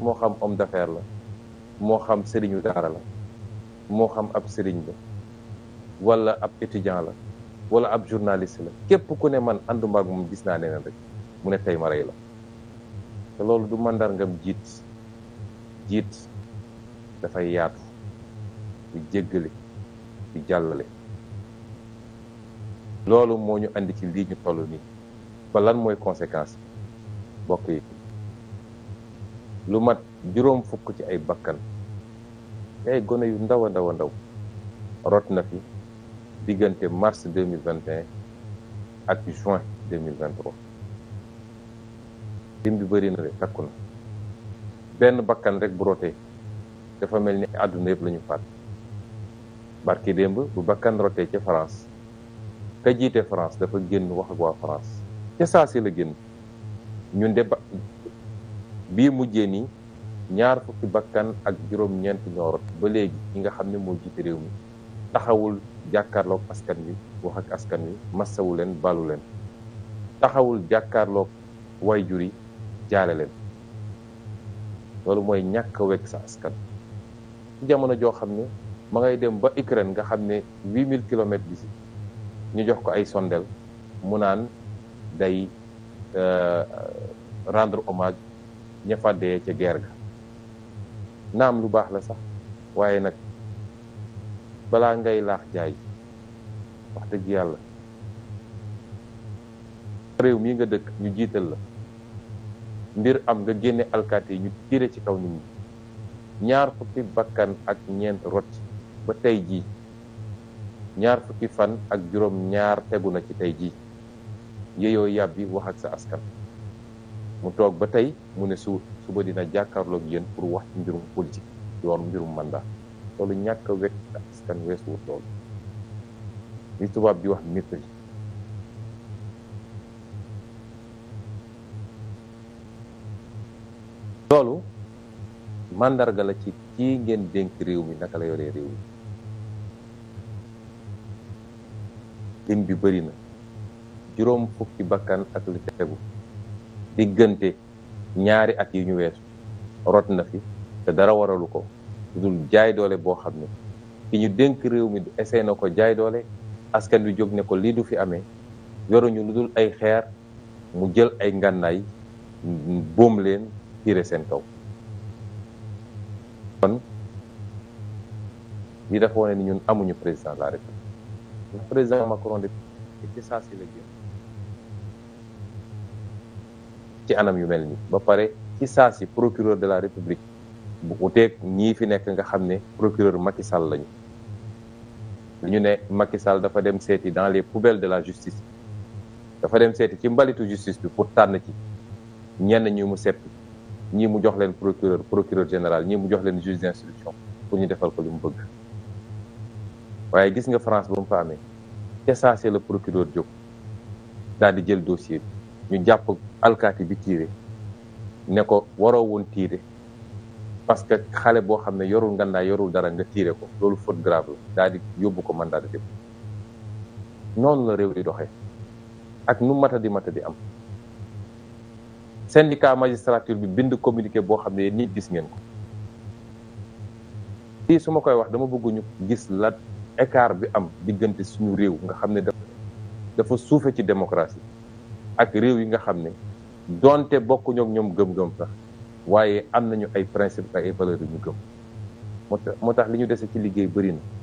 moo xam homme d'affaires la moo xam sëriñu daara la moo xam ab sëriñ la wala ab étudiant la wala ab journaliste la képp ku ne man ànduma ak moom gis naa ne rek mu ne tey ma rey la te loolu du mandar ngam jiit jiit dafay yaatu di jéggale di jàllale loolu moo ñu indi ci lii ñu toll nii ba mooy conséquence bokk yi lu mat juróom fukk ci ay bakkan ay gone yu ndaw a ndaw a rot na fi diggante mars deux mille vingt et un ak juin deux mille vingt trois lim bi bëri na de takku na benn bakkan rek bu rotee dafa mel ni àdduna yëpp lañu ñu faat barki démb bu bakkan rotee ca France ka jiite France dafa génn wax ak waa France ca saa si la génn ñun de ba bii mujjee nii ñaar fukki bakkan ak juróom-ñeent ñoorot ba léegi ñi nga xam ne moo jiite réew mi taxawul jàkkaarloog askan wi wax ak askan wi massawu leen balu leen taxawul jàkkaarloog way jur yi jaale leen loolu mooy ñàkk wekk sa askan ci jamono joo xam ne ma ngay dem ba Ukraine nga xam ne huit mille kilomètres bi si ñu jox ko ay sondel mu naan day euh, rendre hommage ña fa ca geer ga naam lu baax la sax waaye nag balaa ngay laax jaay wax dëgg yàlla réew mi nga dëkk ñu jiital la mbir am nga génne alkaati yi ñu tiire ci kaw nit ñi ñaar fukki bakkan ak ñeent rot ba tey jii ñaar fukki fan ak juróom ñaar tegu na ci tey jii yeyoo yàbbi wax ak sa askan mu toog ba tey mu ne su suba dina jàkkaarloog yéen pour wax ci mbirum politique yoon mbirum mandat loolu ñàkk a wekk askan weesuwut loolu li tubaab di wax mépris loolu màndarga la ci kii ngeen dénk réew mi naka la yore réew mi lim bi bëri na juróom fukki bakkan ak lu tegu diggante ñaari at yu ñu weesu rot na fi te dara waralu ko dul jaay doole boo xam ne ki ñu dénk réew mi essayé na ko jaay doole askan wi jóg ne ko lii du fi amee yoruñu lu dul ay xeer mu jël ay ngànnaay boom leen tiire seen kaw kon lii dafa wane ni ñun amuñu président de la président Macron ci saa si la jëm ci anam yu mel nii ba pare ci saa si procureur de la république bu uteeg ñii fi nekk nga xam ne procureur Macky Sall lañu ñu ne Macky Sall dafa dem seeti dans les poubelles de la justice dafa dem seeti ci mbalitu justice bi pour tànn ci ñenn ñi mu set ñii mu jox leen procureur procureur général ñii mu jox leen juge d'instruction pour ñu defal ko li mu bëgg waaye gis nga France ba mu fa ca saa si la procureur jóg daal di jël dossier ñu jàpp alkaati bi tiire ne ko waroo woon tiire parce que xale boo xam ne yorul nga ngandaay yorul dara nga tiire ko loolu faute grave la daal yóbbu ko mandat de dépôt noonu la réew di doxe ak nu mata di mata di am syndicat magistrature bi bind communiqué boo xam ne yéen gis ngeen ko lii su ma koy wax dama bëgguñu gis la écart bi am diggante suñu réew nga xam ne dafa dafa suufe ci démocratie ak réew yi nga xam ne donte bokkuñu ñoom gëm-gëm sax waaye am nañu ay principe ay valeurs ñu gëm moo tax moo tax li ñu dese ci liggéey bëri na